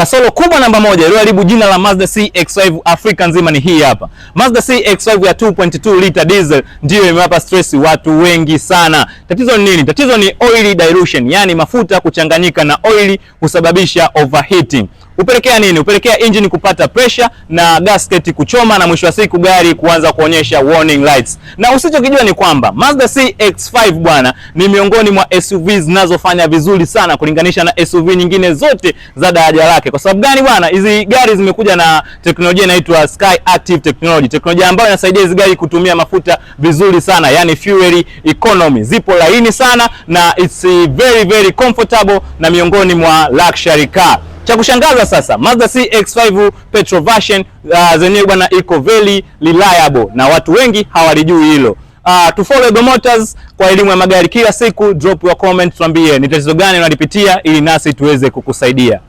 Kasoro kubwa namba moja iliyoharibu jina la Mazda CX-5 Afrika nzima ni hii hapa. Mazda CX-5 ya 2.2 liter diesel ndiyo imewapa stress watu wengi sana. Tatizo ni nini? Tatizo ni oil dilution, yani mafuta kuchanganyika na oili kusababisha overheating. Hupelekea nini? Hupelekea engine kupata pressure na gasket kuchoma na mwisho wa siku gari kuanza kuonyesha warning lights. Na usichokijua ni kwamba Mazda CX-5 bwana ni miongoni mwa SUV zinazofanya vizuri sana kulinganisha na SUV nyingine zote za daraja lake. Kwa sababu gani bwana? Hizi gari zimekuja na teknolojia inaitwa Sky Active Technology, teknolojia ambayo inasaidia hizi gari kutumia mafuta vizuri sana, yani fuel economy. Zipo laini sana na it's very very comfortable na miongoni mwa luxury car. Cha kushangaza sasa, Mazda CX-5 petrol version uh, zenyewe bwana iko very reliable na watu wengi hawalijui hilo. Uh, follow the Motors kwa elimu ya magari kila siku. Drop your comment, tuambie ni tatizo gani unalipitia ili nasi tuweze kukusaidia.